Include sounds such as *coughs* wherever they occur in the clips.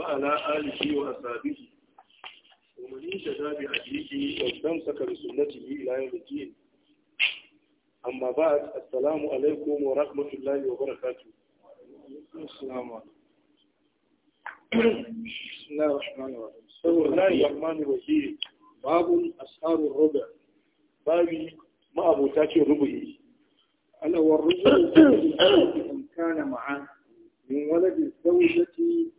وعلى آله وأصحابه ومن اهتدى بهديه واستمسك بسنته إلى يوم الدين أما بعد السلام عليكم ورحمة الله وبركاته السلام عليكم بسم الله الرحمن الرحيم بسم الله الرحمن الرحيم باب أسعار الربع بابي ما أبو تاكي ربعي ألا والربع إن كان معه من ولد الزوجة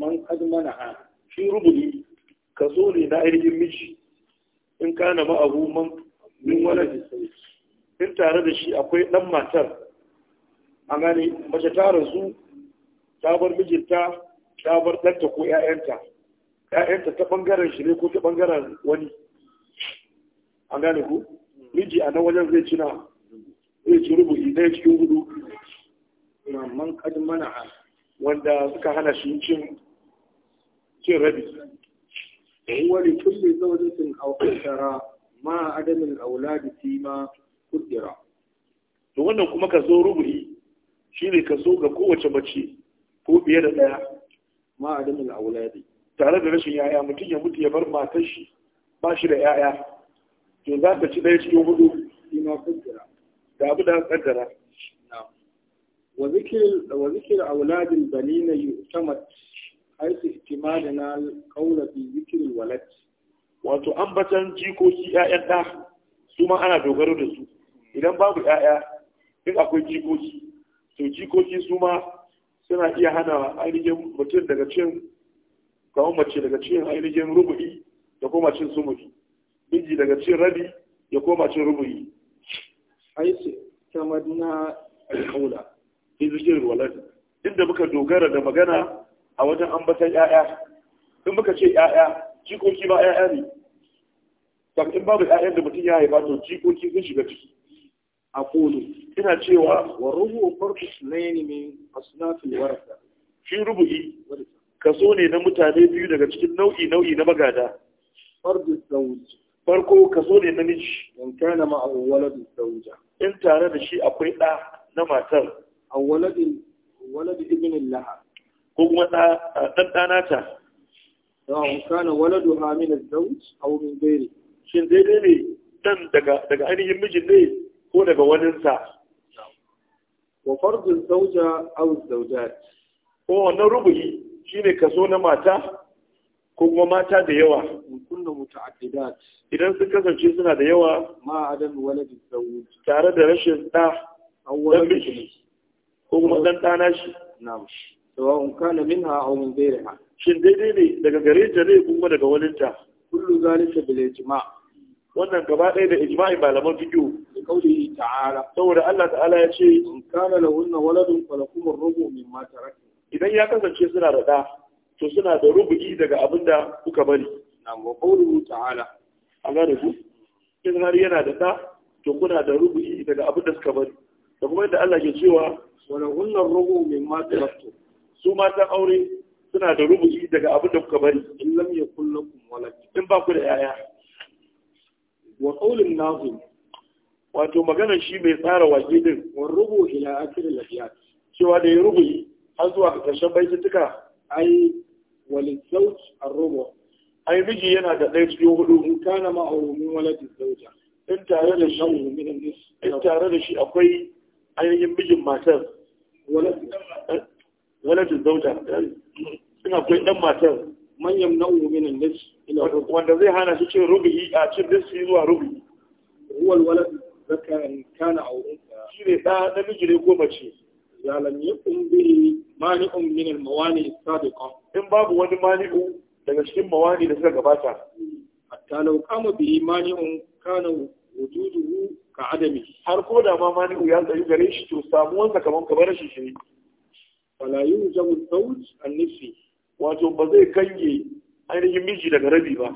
man kad mana ha shi ka zo ne na ainihin miji in ka na ma'abu man min wani in tare da shi akwai dan matar a gane mace ta rasu ta bar mijinta ta bar ɗanta ko 'ya'yanta ‘ya'yanta ta ɓangaren shi ne ko ta ɓangaren wani a gane ku miji a nan wajen zai cina zai ci rubu'i zai cikin hudu man kad mana wanda suka hana shi cin cin rabi eh, wani kulle zaunatin aukantara ma adamin auladi fi ma kudira to wannan kuma ka zo rubuhi shi ne ka zo ga kowace mace ko biye da ɗaya ma adamin auladi tare da rashin yaya mutum ya mutu ya bar matar shi ba shi da yaya to za ka ci daya cikin hudu fi ma kudira da abu da kaddara wa zikir auladin banina yu'tamat haisu itimadina kaula fi zikirin walat wato ambatan jikoki ƴaƴan da su ma ana dogaro da su idan babu ƴaƴa din akwai jikoki to jikoki su ma suna iya hana ainihin mutum daga cin kawo mace daga cin ainihin rubu'i da koma cin sumuri miji daga cin rabi ya koma cin rubu'i ta madina alkaula fi zikirin walad inda muka dogara da magana a wajen ambatan ƴaƴa in muka ce ƴaƴa jikoki ba ƴaƴa ne Ba in babu 'ya'yan da mutum ya haifa to jikoki sun shiga ciki a kolo ina cewa wa rubu farko ne min asnafil warasa shi rubu'i kaso ne na mutane biyu daga cikin nau'i nau'i na magada fardu zawji farko kaso ne na miji in kana ma awwaladu sauja. in tare da shi akwai da na matar awwaladu waladu ibnin laha ko kuma ɗan ɗana ta sawa'un kana waladuha min az-zawj aw min ghairi shin daidai ne dan daga daga ainihin mijin ne ko daga waninsa wa fardu zawja aw zawjat ko wannan rubuhi shine kaso na mata ko kuma mata da yawa kunna muta'addidat idan sun kasance suna da yawa ma adam waladi zawj tare da rashin da dan ko kuma dan dana shi na'am sawa'un kana a wani zai ghayriha shin daidai ne daga gare ta ne kuma daga walinta Kullum kullu zalika bil ijma' wannan gaba ɗaya da ijma'i malaman fiqh da kauli ta'ala saboda Allah ta'ala ya ce in kana lahunna waladun falakum kuma rubu mimma tarak idan ya kasance suna da da to suna da rubu'i daga abinda kuka bari na wa qawluhu ta'ala Allah da ku in har yana da da to kuna da rubu'i daga abinda suka bari da kuma yadda Allah ke cewa Wani wannan rubu mimma taraktum su matan aure suna da rubuci daga abin da kuka bari in lam yakul lakum walad in ba ku da yaya wa qawlun nazim wato maganar shi mai tsara waje din wa rubu ila akhiril al-ayat cewa da ya rubuci har zuwa karshen tuka ai walin zauj ar-rubu ai miji yana da ɗaya cikin hudu in kana aure min walad zauja in tare da shi in tare da shi akwai ainihin mijin matar walad eh, waladu zauta suna akwai dan matar manyan nau'u min nafsi ila wanda zai hana shi cin rubi a cin nafsi zuwa rubi wal walad zakan kana aw unsa shi ne namiji ne ko mace ya lam yakun bi mani'un min al mawani sabiqa in babu wani mani'u daga cikin mawani da suka gabata hatta law qama bi mani'un kana wujuduhu ka adami har ko da ma mani'u ya tsayu gare shi to samuwansa kaman kamar shi shi wala yin zamun an nufi wato ba zai kange ainihin miji daga rabi ba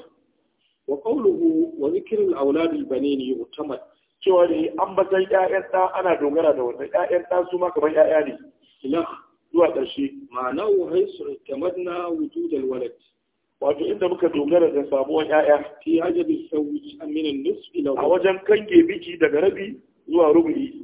wa qawluhu wa zikirin al-awlad ne, banin mutamar cewa da an batan ya'yan ɗa ana dogara da wannan 'ya'yan ɗa su ma kamar ya'ya ne ila zuwa ƙarshe ma'anahu haisu na wujud da walad wato inda muka dogara da samuwar yaya fi hajabi sawj min an a wajen kange miji daga rabi zuwa rubu'i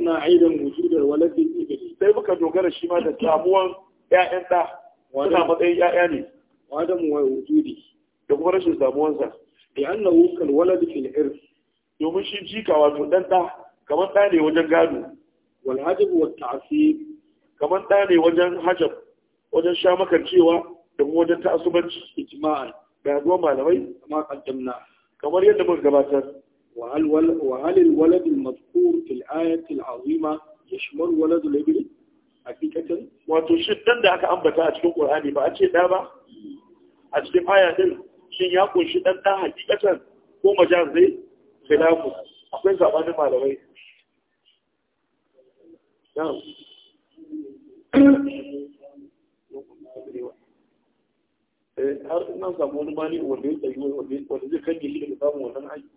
na aidan wujudar waladin ibli sai muka dogara shi ma da samuwan ya'yan da suna matsayin 'ya'ya ne wa mu wai wujudi da kuma rashin samuwansa da annahu kal walad fil irth domin shi jika wato dan da kamar ɗa ne wajen gado wal hajab wa ta'sib kamar ɗa ne wajen hajab wajen sha makancewa da kuma wajen ta'asubanci ijma'a ga zuwa malamai amma kaddamna kamar yadda muka gabatar وهل الولد المذكور في الآية العظيمة يشمل ولد الابن حقيقة wato shiddan da aka ambata a cikin Qur'ani ba a ce a cikin aya shin ya kunshi dan da hakikatan ko har samu wani wanda ya tsayi wanda zai kange shi daga samun wannan aiki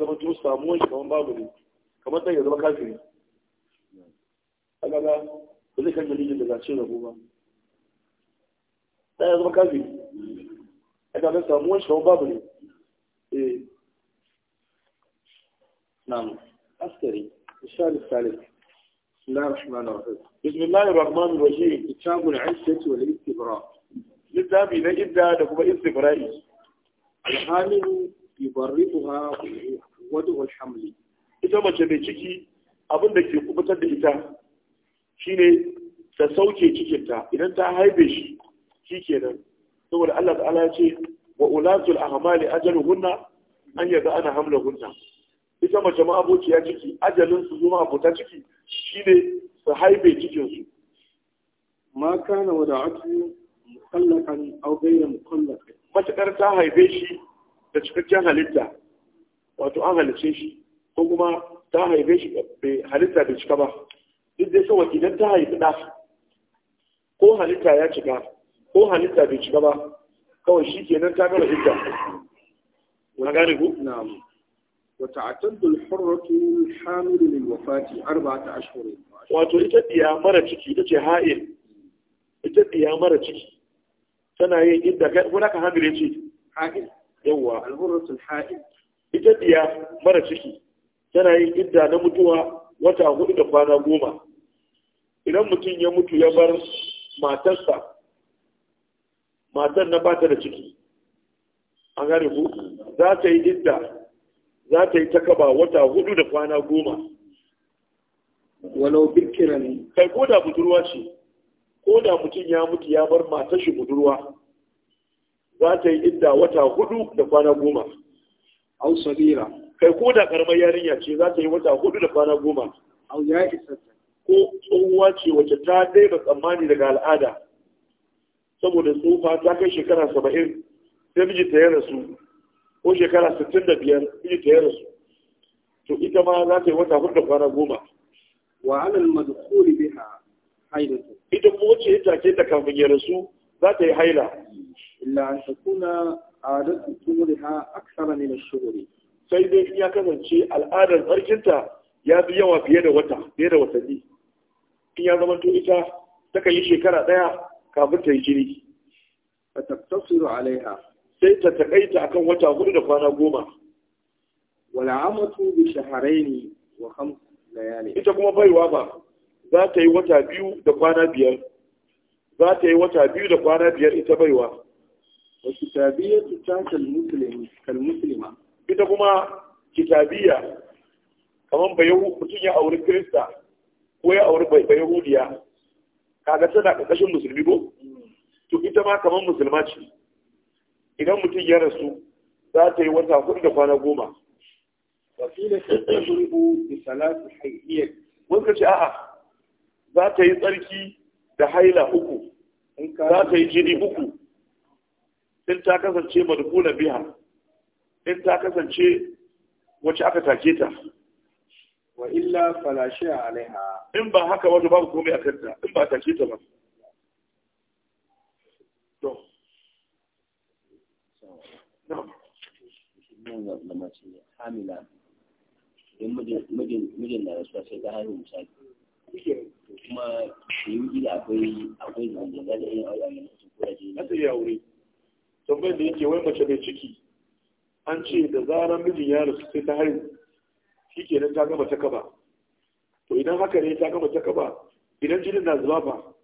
zama to samuwan shi kamar babu ne kamar ɗan ya zama kafiri kaga ba zai kan dalilin da zace rabo ba ɗan ya zama kafiri kaga nan samuwan shi kamar babu ne eh na'am askari الشهر الثالث بسم الله الرحمن الرحيم بسم الله الرحمن الرحيم كتاب العزة والاستبراء للذهب إلى إبدا لكم استبرائي الحامل يبرئها wadu hamli ita mace mai ciki abin da ke kubutar da ita shine ta sauke cikinta idan ta haife shi kenan, saboda Allah ta'ala ya ce wa ulatul ahmali ajaluhunna an yaga ana hamlahunna ita mace ma abociya ciki ajalin su zuwa abota ciki shine su haife cikin su ma kana wada'atu mukallakan aw ghayra mukallakan matakar ta haife shi da cikakken halitta wato an halice shi ko kuma ta haife shi bai halitta bai cika ba duk dai saboda idan ta haifi ɗa ko halitta ya cika ko halitta bai cika ba kawai shi kenan ta gama idda wani gane ku? na'am وتعتد الحرة الحامل arba ta ashirin. wato ita mara ciki ita ce ha'il ita mara ciki tana yin inda wani ka hamile ce ha'il yawa sun ha'il ita diya mara ciki tana yin idda na mutuwa wata hudu da kwana goma idan mutum ya mutu ya bar matarsa matan na bata da ciki an gane ku za ta yi idda za ta yi ta kaba wata hudu da kwana goma walau ne kai ko da budurwa ce ko da mutum ya mutu ya bar matar shi budurwa za ta yi idda wata hudu da kwana goma aw sadira kai ko da karamar yarinya ce za ta yi wata hudu da kwana goma aw ya isa ko tsohuwa ce wacce ta dai ba tsammani daga al'ada saboda tsufa ta kai shekara saba'in sai miji ta yara su, ko shekara sittin da biyar miji ta yara su, to ita ma za ta yi wata hudu da kwana goma wa alal madkhuli biha haidatu ita kuma ce ita ce ta kafin ya rasu za ta yi haila illa an takuna A adatu tumuriha aksara min ash-shuhuri sai dai ya kasance al'adar tsarkinta ya fi yawa fiye da wata fiye da watanni in ya zama to ita takan yi shekara ɗaya kafin ta yi jini fa taktasiru alaiha sai ta taƙaita a kan wata hudu da kwana goma wala amatu bi shahrayn wa khams layali ita kuma baiwa ba za ta yi wata biyu da kwana biyar za ta yi wata biyu da kwana biyar ita baiwa wa kitabiyatu ta kalmuslimi kalmuslima ita kuma kitabiya kaman ba mutum ya auri kirista ko ya auri ba yahudiya kaga tana ƙarƙashin musulmi ko to ita ma kaman musulma ce idan mutum ya rasu za ta yi wata hudu da kwana goma wasila ta tazurbu bi salatu hayyiyya wanda ce a'a za ta yi tsarki da haila uku za ta yi jini uku in ta kasance madukula biha in ta kasance wacce aka take ta wa illa fala shay'a alaiha in ba haka wato babu komai a kanta in ba take ta ba to hamila in mijin da rasuwa sai ta haihu misali kuma yi da akwai akwai zanga da yin aure a yanzu ko da jini tambayar da yake wai mace mai ciki an ce da zarar mijin ya rasu sai ta haihu shi ke nan ta gama ta kaba to idan haka ne ta gama ta kaba idan jinin na zuba ba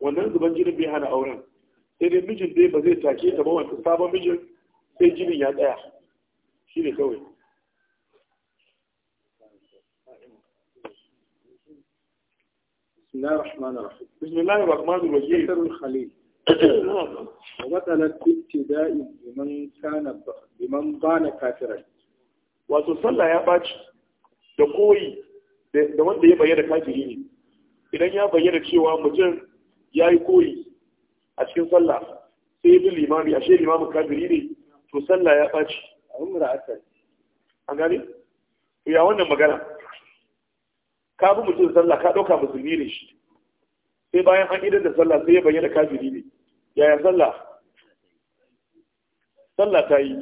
wannan zuban jinin bai hana auren sai dai mijin dai ba zai take ta ba wanda sabon mijin sai jinin ya tsaya shi ne kawai بسم الله الرحمن الرحيم بسم الله الرحمن الرحيم وبطلت ابتداء بمن كان بمن بان كافرا wato sallah ya ɓaci da koyi da wanda ya bayyana kafiri ne idan ya bayyana cewa mutum ya yi koyi a cikin sallah sai yi bi limami ashe limamin kafiri ne to sallah ya ɓaci. a umra asal an gane to ya wannan magana ka bi mutum sallah ka ɗauka musulmi ne shi sai bayan an idan da sallah sai ya bayyana kafiri ne yaya sallah sallah ta yi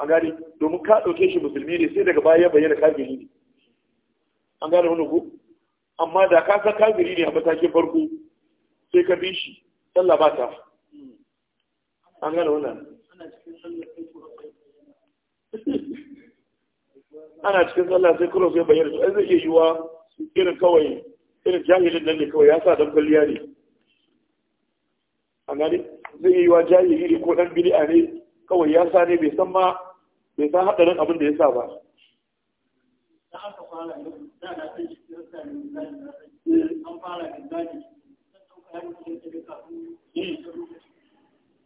an gani domin ka ɗauke shi musulmi ne sai daga baya bayyana kafiri ne an gane wani ku amma da ka san kafiri ne a matakin farko sai ka bi shi sallah ba ta an gane wannan ana cikin sallah sai kuma sai bayyana su ai zai iya yiwa irin kawai irin jahilin nan ne kawai ya sa dan kwalliya ne a gani zai yi wa jahili ko dan bid'a ne kawai ya sa bai san ma bai san hadarin abin da ya sa ba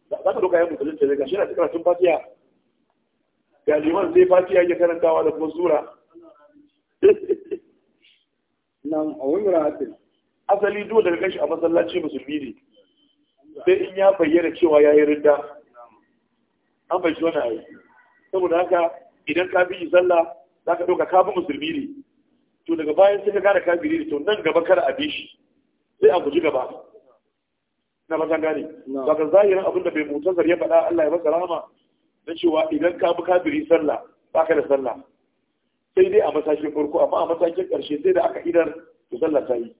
za ka doka yin musulunci ne gashi na cikin fatiya ga liman zai fatiya ya karantawa da kuma sura nan a wani rahatin asali dole daga kashi a masallaci musulmi ne sai in ya bayyana cewa ya yi rinda an bai wani yi saboda haka idan ka bi sallah za ka ɗauka ka bi musulmi ne to daga bayan sai ka gane kafiri ne to nan gaba kada a bi shi sai a guji gaba na matan gane ka zahirin abin da bai mutu zarye faɗa Allah ya masa rahama na cewa idan ka bi kafiri sallah ka da sallah sai dai a matakin farko amma a matakin ƙarshe sai da aka idar to sallah ta yi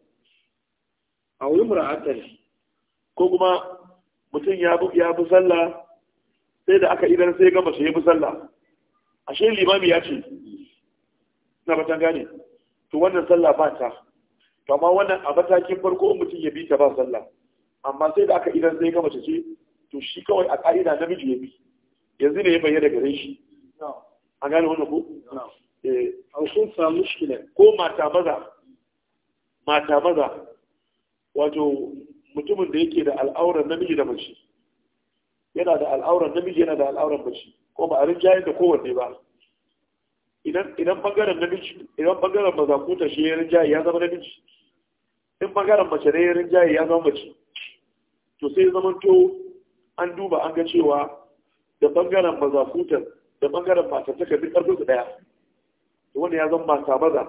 a wurin mura'atar ko kuma mutum ya bi sallah sai da aka idan sai gama shi ya bi sallah ashe limami ya ce na batan gane to wannan sallah ba ta to amma wannan a matakin farko mutum ya bi ta ba sallah amma sai da aka idan sai gama ce to shi kawai a ka'ida namiji ya bi yanzu ne ya bayyana gare shi an gane wannan ko eh sun samu mushkila ko mata maza mata maza wato mutumin da yake da al'auran namiji da mace yana da al'auran namiji yana da al'auran mace ko ba a rinjayen da kowanne ba idan bangaren namiji idan bangaren mazakuta shi ya rinjaye ya zama namiji in bangaren mace ne ya rinjaye ya zama mace to sai zaman to an duba an ga cewa da bangaren kutar da bangaren ta duk karfin su daya to wanda ya zama mata maza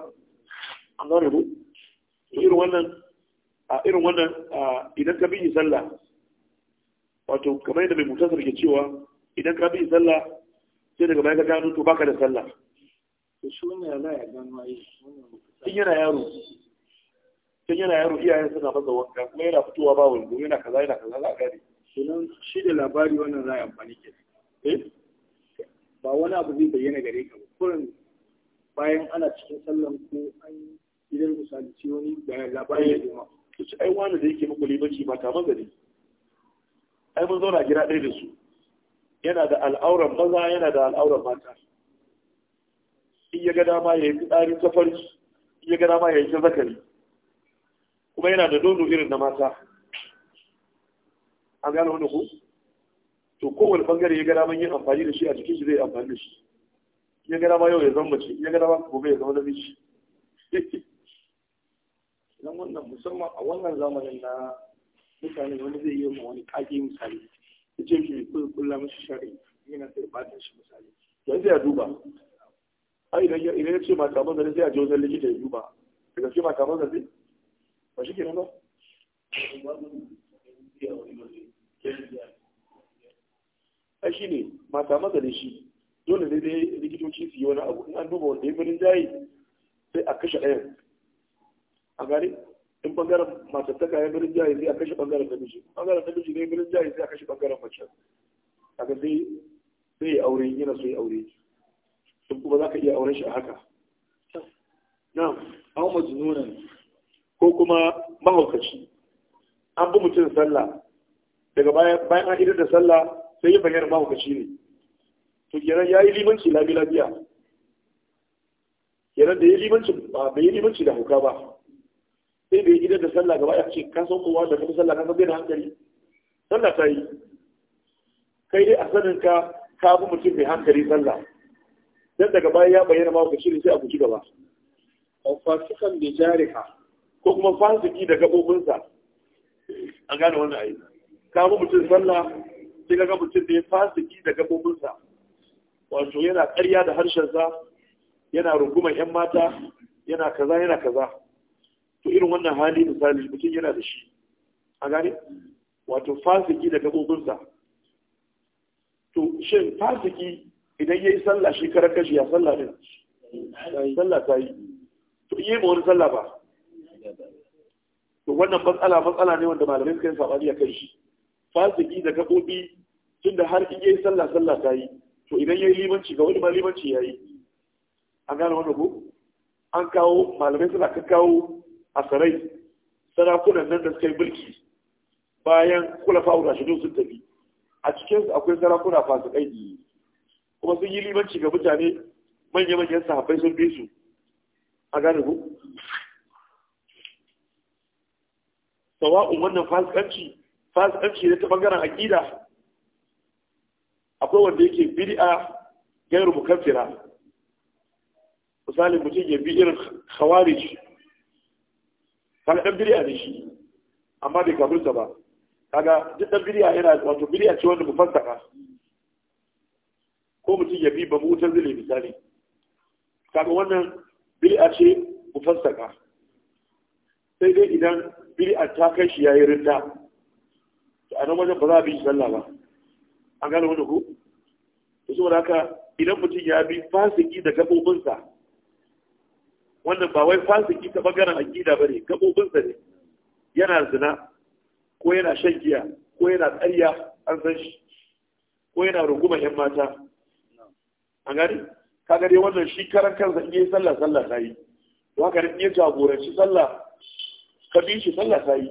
an gane ku irin wannan a irin wannan idan ka biyi sallah wato kamar yadda mai mutasar ke cewa idan ka biyi sallah sai daga bayan ka gano to baka da sallah in yana yaro in yana yaro iyayen suna masa wanka kuma yana fitowa ba wando yana kaza yana kaza za a gane sunan shi da labari wannan za a amfani ke eh? ba wani abu zai bayyana gare ka ba kurin bayan ana cikin sallan ko an yi idan misali ce wani bayan labari ya zama. su ci ai wani da yake muku limanci ba kamar gari ai mun zauna gida ɗaya da su yana da al'auran maza yana da al'auran mata in ya gada ma ya yi fitsarin kafarki in ya gada ma ya yi ta zakari kuma yana da nono irin na mata an gano wani ku to kowane bangare ya gada dama yin amfani da shi a cikin shi zai amfani da shi ya gada ma yau ya zama mace ya gada ma gobe ya zama namiji *laughs* don wannan musamman a wannan zamanin na mutane wani zai yi ma wani kage misali ya ce shi kula kulla mashi shari'i yana sai batin shi misali yanzu ya duba ai idan idan ya ce mata maza sai a je wajen likita ya duba daga ce mata maza zai ba shi kenan ba ai shi ne mata maza ne shi dole ne dai likitoci su yi wani abu in an duba wanda ya fi rinjaye sai a kashe ɗayan a gari in bangaren matattaka ya birin jihar sai a kashe bangaren namiji bangaren namiji ne birin jihar sai a kashe bangaren mace a ga sai yi aure yana so yi aure in kuma za ka iya auren shi a haka na'am aw nuna ko kuma mahaukaci an bi mutum sallah daga bayan an idar da sallah sai yi bayyana mahaukaci ne to kenan ya yi limanci labi labiya kenan da ya yi limanci ba bai yi limanci da hauka ba sai da ya gidan da sallah gaba ya ce ka san kowa da kuma sallah ka san bai da hankali sallah ta yi kai dai a sanin ka ka bi mutum mai hankali sallah dan daga baya ya bayyana ma ka shiri sai a guji gaba aw fasikan bi jariha ko kuma fasiki da gabobinsa an gane wannan ayi ka bi mutum sallah sai ka ga mutum da ya fasiki da gabobinsa wato yana ƙarya da harshen sa, yana rungumar 'yan mata yana kaza yana kaza to irin wannan hali misali mutum yana da shi a gane wato fasiki da gabobinsa to shin fasiki idan ya yi sallah shi karar kashi ya sallah din sallah ta yi to iya ma wani sallah ba to wannan matsala matsala ne wanda malamai suka yi sabani a kai shi fasiki da gabobi da har in yi sallah sallah ta yi to idan ya yi limanci ga wani ma limanci yi. an gane wani ko an kawo malamai suna ka kawo asarai sarakunan nan da suka yi mulki bayan kula fa'u shidu sun tafi a cikin akwai sarakuna ne. kuma sun yi limanci ga mutane manya-manyan sahabbai sun bi su a gane ku sawa'un wannan fasikanci fasikanci ne ta bangaren aƙida akwai wanda yake bid'a gairu mukaffira misali mutum ya bi irin khawarij kaga dan biriya ne shi amma bai kafirta ba kaga duk dan biriya yana wato biriya ce wanda mufassaka ko mutum ya bi ba mutar zile misali kaga wannan biriya ce mufassaka sai dai idan biriya ta kai shi yayi rinda to a nan wajen ba za a bi sallah ba an gane wani ku to saboda haka idan mutum ya bi fasiki da gabobinsa wannan ba wai fasiki ta bangaren aqida bane gabobinsa ne yana zina ko yana shan giya ko yana tsariya an san shi ko yana ruguma yan mata an gani ka dai wannan shi karan kansa in yi sallah sallah ta yi to haka ne ya jagoranci sallah ka bi shi sallah ta yi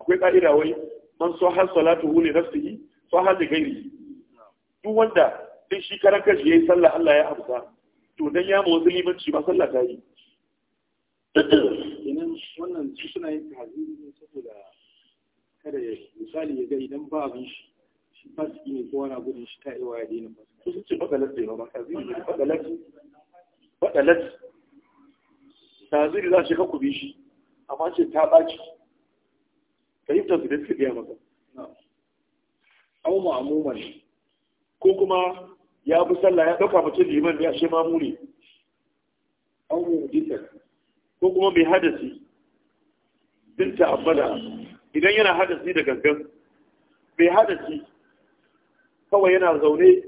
akwai ka'ida wai man so har salatu hu li nafsihi so har da gairi duk wanda duk shi karan kansa yi sallah Allah ya amsa to dan ya mawa limanci ba sallah ta yi idan wannan su suna yin tahaziri ne saboda kada ya misali ya ga idan ba abin shi shi su ne ko wani gudun shi ta wa ya daina su sun ce da ne ba tahaziri ne fadalat fadalat tahaziri za shi ka kubi shi amma ce ta ɓaci fahimtar su da suka biya maka au ma'amuman ko kuma ya bi sallah ya ɗauka mutum liman ya shi mamu ne ko kuma mai hadasi din ta'abbada idan yana hadasi da gangan mai hadasi kawai yana zaune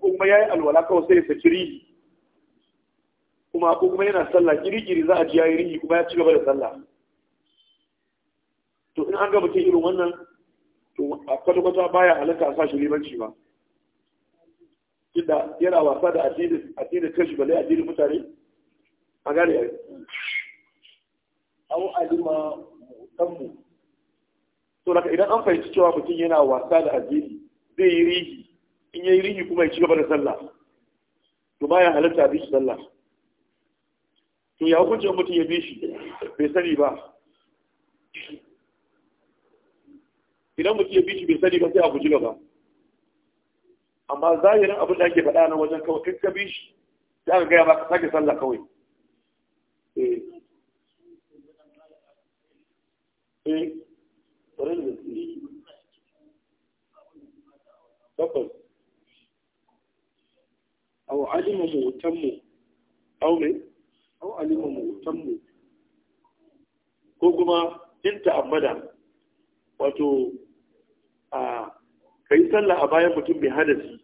ko kuma ya yi alwala kawai sai sa kiri kuma ko kuma yana sallah kiri-kiri za a ji ya yi rihi kuma ya ci gaba da sallah to in an ga mutum irin wannan to a kwata-kwata baya halatta a sashi limanci ba tunda yana wasa da addinin addinin kashi balai addinin mutane a gane yayi au alima mutammu to daga idan an fahimci cewa mutum yana wasa da addini zai yi rihi in yayi rihi kuma ya ci gaba da sallah to baya halatta bi sallah to ya hukunci mutum ya bi shi bai sani ba idan mutum ya bi shi bai sani ba sai a guji gaba amma zahirin abin da ake faɗa nan wajen kawai kai ka bi shi sai aka gaya ba ka sake sallah kawai eh, eh. au alima au au alima ko kuma in ta'ammada wato a kai sallah a bayan mutum mai hadasi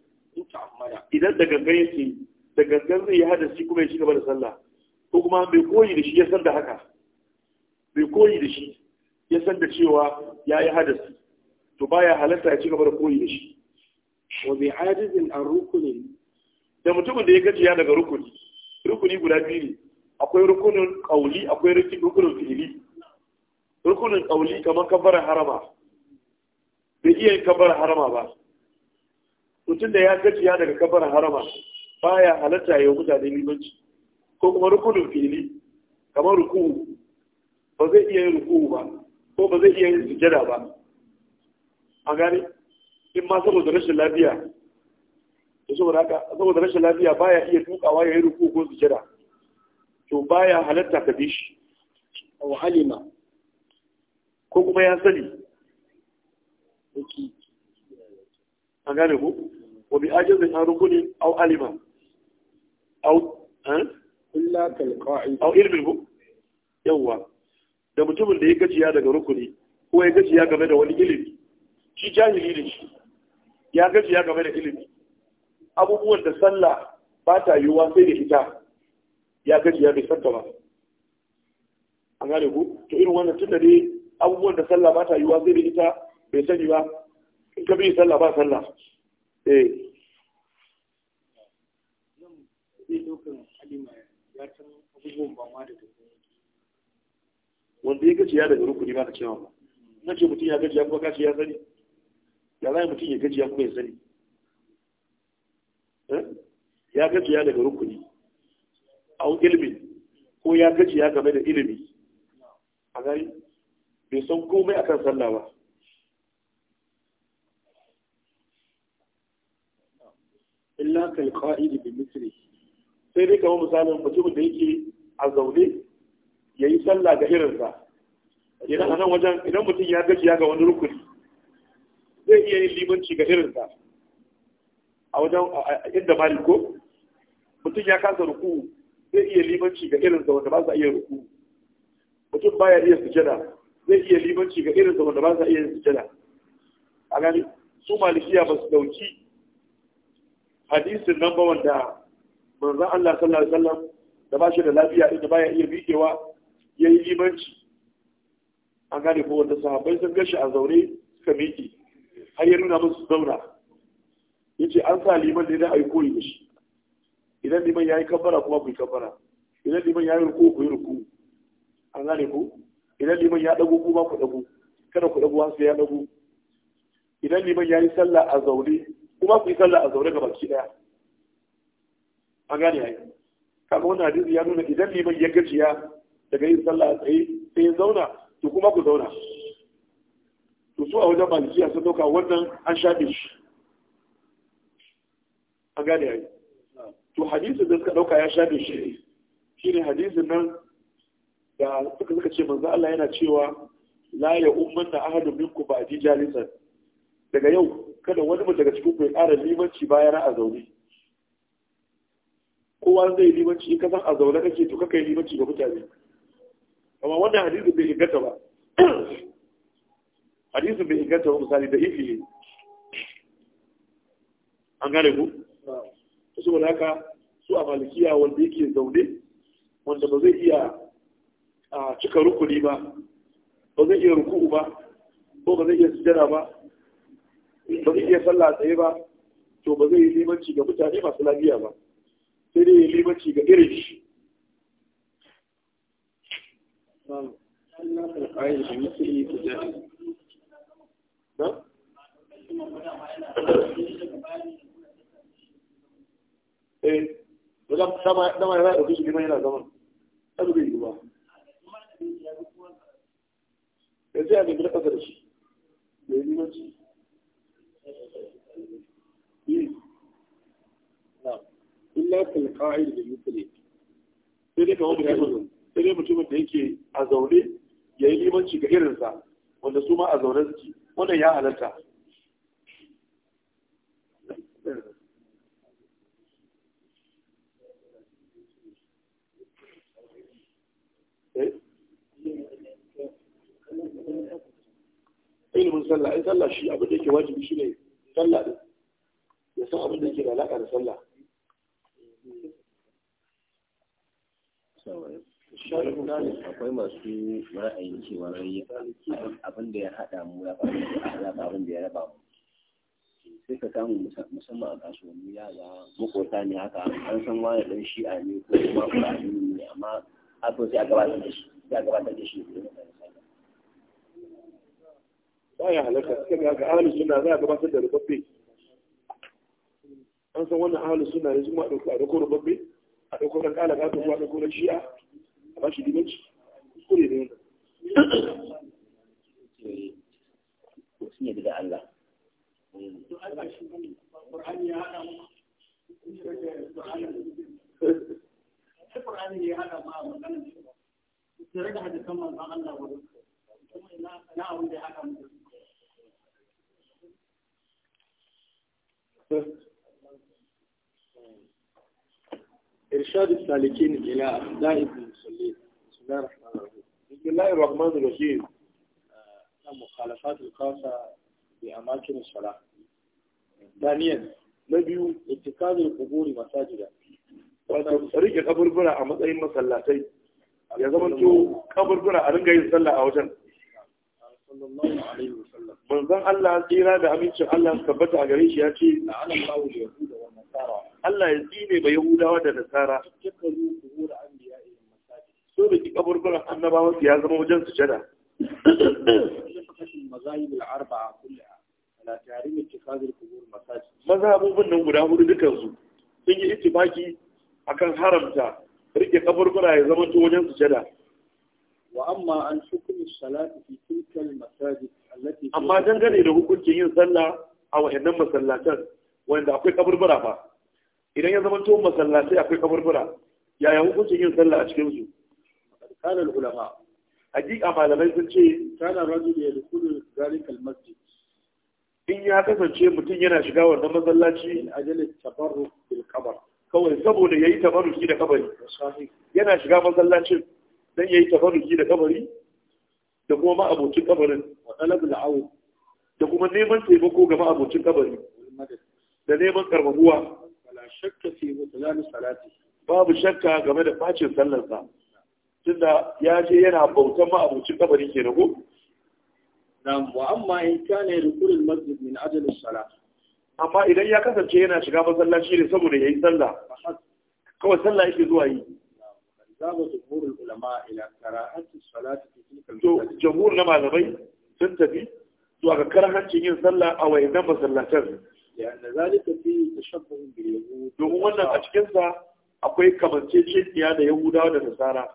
idan da gangan yake da gangan zai yi hadasi kuma ya ci gaba da sallah ko kuma bai koyi da shi ya san da haka bai koyi da shi ya san da cewa ya yi hadasi to ba ya halatta ya ci gaba da koyi da shi wa bi ajizin an rukunin? da mutumin da ya gajiya daga rukuni rukuni guda biyu ne akwai rukunin kauli akwai rukunin fili. rukunin kauli kamar kabbarar harama bai iya yin kabbarar harama ba mutum da ya gajiya daga kafaran harama baya halatta ya mutane limanci ko kuma rukunin fili kamar ruku ba zai iya yin ruku ba ko ba zai iya yin sujada ba a gane in ma saboda rashin lafiya da saboda haka saboda rashin lafiya baya iya tukawa ya yi ruku ko sujada to baya halatta ka bi shi wahali ma, ko kuma ya sani a gane ku wa bi ajizin an rukunin au alima au eh? illa kalqa'i au ilmin hu da mutumin da ya gajiya daga rukuni ko ya gajiya game da wani ilimi shi jahili ne shi ya gajiya game da ilimi abubuwan da sallah ba ta yiwuwa sai da ita ya gajiya bai santa ba an gane ku to irin wannan tunda dai abubuwan da sallah ba ta yiwuwa sai da ita bai sani ba in ka bi sallah ba sallah eh wanda ya gajiya daga rukuni ba ka cewa ba na ce mutum ya gajiya kuma kashi ya sani ya zai mutum ya gajiya kuma ya sani eh? ya gajiya daga rukuni a ilimi ko ya gajiya game da ilimi a gari bai san komai akan sallah ba illa kal qa'id bi misri sai dai kamar misalin mutumin da yake a zaune yayi sallah ga irinsa idan a nan wajen idan mutum ya gaji ya ga wani rukuni zai iya yin limanci ga irinsa a wajen a inda maliko mutum ya kasa ruku zai iya limanci ga irinsa wanda ba sa iya ruku mutum baya iya sujada zai iya limanci ga irinsa wanda ba sa iya sujada a gani su malikiya ba su dauki hadisin nan ba wanda manzon Allah sallallahu alaihi wasallam da ba shi da lafiya inda baya iya miƙewa ya yi imanci. an gane ko wanda sahabbai sun gashi a zaune suka miƙe har ya nuna musu zauna ya ce an sa liman da idan a yi koyi da shi idan liman ya yi kabbara kuma ku yi kabbara idan liman ya yi ruku ku yi ruku an gane ko idan liman ya ɗago kuma ku ɗago kada ku ɗago wasu ya ɗago idan liman ya yi sallah a zaune kuma ku yi sallah a zaune ga baki daya a gane ai kaga wannan hadisi ya nuna idan liman ya gajiya daga yin sallah a tsaye sai ya zauna to kuma ku zauna to su a wajen malikiya sun dauka wannan an shafe shi a gane ai to hadisin da suka dauka ya shafe shi shine hadisin nan da suka suka ce manzo Allah yana cewa la ya umman ahadun minku ba ji jalisan daga yau kada wani mu daga cikin ku ya ƙara limanci bayan a zaune kowa zai limanci in ka san a zaune kake to kakai limanci ga mutane amma wannan hadisi bai inganta ba *coughs* hadisi bai inganta ba misali da ifi ne an gane ku saboda haka su a malikiya wanda yake zaune wanda ba zai iya a cika rukuni ba ba zai iya ruku'u ba ko ba zai iya sujjada ba ba zai iya sallah tsaye ba to ba zai yi limanci ga mutane masu lafiya ba sai dai yi limanci ga irin shi Eh, a ɗauki shi liman yana zaman, ɗan zai yi ba. Yanzu ya nemi na ƙasa da shi, da yi illa fil qa'id da yusri sai dai kawai da yusri sai dai mutumin da yake a zaune ya yi limanci ga irinsa wanda su ma a zaune suke wannan ya halarta eh? ilimin sallah ai sallah shi abin da yake wajibi shi ne sallah din ya san abin da ke da alaƙa da sallah akwai masu ra'ayin cewa abin da ya haɗa mu ya faru abin da ya raba mu sai ka samu musamman a kasuwanni ya ga makota ne haka an san wani ɗan shi a ne ko kuma ƙura'ani ne amma haka sai a gabatar da shi sai a gabatar da shi ba ya halarta suka ga ahalin suna za a gabatar da rubabbe an san wannan ahalin suna yanzu ma ɗauki a ɗauko rubabbe a ɗauko ɗan ƙala ga ɗauko a ɗauko na shi'a a bashi limanci kuskure ne wannan da Allah Thank you. إرشاد السالكين إلى أخلاء المصلين بسم الله الرحمن الرحيم بسم الله الرحمن الرحيم المخالفات الخاصة بأماكن الصلاة ثانيا نبي اتخاذ القبور مساجدا wato قبر kaburbura a matsayin يا زمان تو قبر kaburbura a ringa yin sallah manzon Allah tsira da amincin Allah su tabbata a gare shi ya ce Allah ya tsine ba Yahudawa da Nasara so da ki kaburburan annabawa su ya zama wajen su jada. Maza abubuwan nan guda hudu dukansu sun yi a akan haramta rike kaburbura ya zama wajen su jada. وأما عن حكم الصلاة في تلك المساجد التي أما دنجل إذا كنت يصلى أو إنما مسلاتان وإن أقول قبر برا إذا يزمن توم مسلاتي أقول قبر برا يا يا كنت يصلى أشكيوزو قال العلماء أجيك أما لما يسنشي كان الرجل يدخل ذلك المسجد in ya kasance mutum yana shiga wannan masallaci ajalin tabarru bil kabar kawai saboda yayi tabarruki da kabari yana shiga masallacin dan yayi tabarruki da kabari da kuma ma'abocin kabarin wa al-awd da kuma neman taimako ga ma'abocin kabari da neman karbuwa wala shakka fi mutlan salati babu shakka game da bacin sa. tunda ya je yana bautan ma'abocin kabari kenan ko nam wa amma in kana rukun al-masjid min ajli as-salat amma idan ya kasance yana shiga masallaci ne saboda yayi sallah kawai sallah yake zuwa yi zaɓa jumhurin ulama ila karahatu salati fi tilkal to jumhur na malamai sun tafi zuwa ga karahancin yin sallah a wayannan masallatan ذلك فيه تشبه باليهود domin wannan a cikinsa akwai kamanceceniya da Yahudawa da Nasara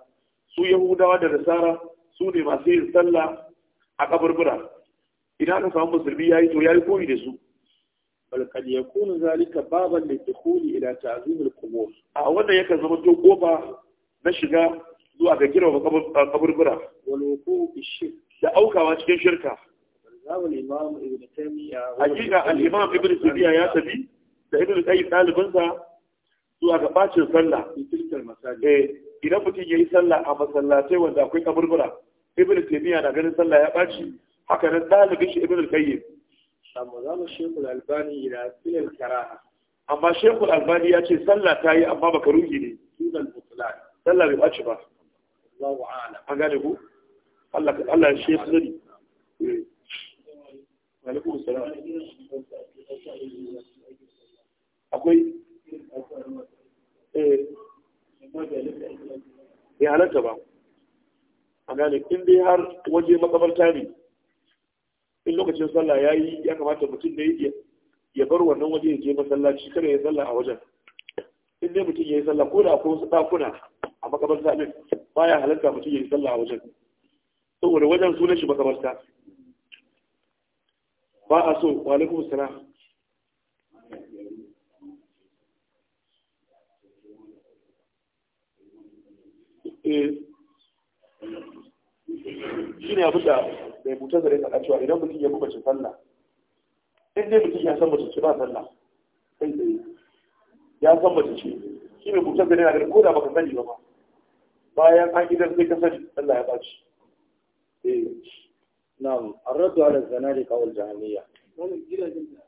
su Yahudawa da Nasara su ne masu yin sallah a kaburbura idan aka samu musulmi yayi to yayi koyi da su Balkan ya yakunu zalika baban li dukhuli ila ta'zim al qubur a wannan yakan zama to goba na shiga zuwa ga wa kaburbura walwuku da aukawa cikin shirka hakika al'imam ibn tabiya ya tabi da ibn qayyim ɗalibinsa zuwa ga bacin sallah eh, idan mutum yi sallah a masallatai wanda akwai kaburbura ibn tabiya na ganin sallah ya baci haka nan ɗalibin shi ibn qayyim amma shekul albani ya ce sallah ta yi amma baka ruhi ne sallah bai ɓaci ba an gane ku Allah ya shi ya sani eh. akwai ya eh. halatta ba a gane in dai har waje makabarta ne in lokacin sallah ya yi ya kamata mutum ya bar wannan waje ya je masallaci kada ya sallah a wajen in dai mutum ya yi sallah ko da akwai wasu ɗakuna a makabarta din baya halarta mutum ya yi sallah a wajen saboda wajen sunan shi makabarta ba a so wa kuma sana eh. shi ne abin da mai mutar da ya cewa idan mutum ya mace sallah in dai mutum ya san mace ce ba sallah sai ya san mace ce shi mai mutar da ya ko da baka sani ba ba bayan an gidan sai ka sani Allah ya baci eh na'am arraddu ala zanari qawl jahiliya wannan gidajen da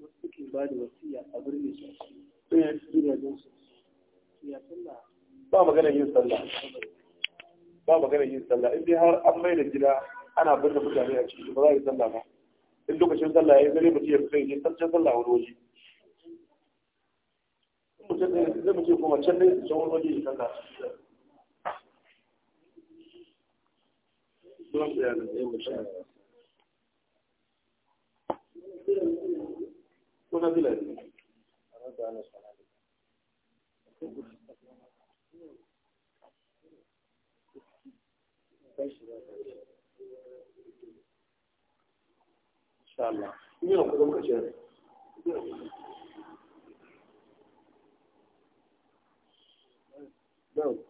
wasu suke ba da wasiya a birnin su eh gidajen su ya sallah ba magana yin sallah ba magana yin sallah in dai har an mai da gida ana birnin mutane a ciki ba za a yi sallah ba in lokacin sallah ya yi zai mutum ya fita kai je sarcen sallah wani waje zai mutum kuma can ne su can wani waje ya sallah Kuna bila Insha Allah. Ni na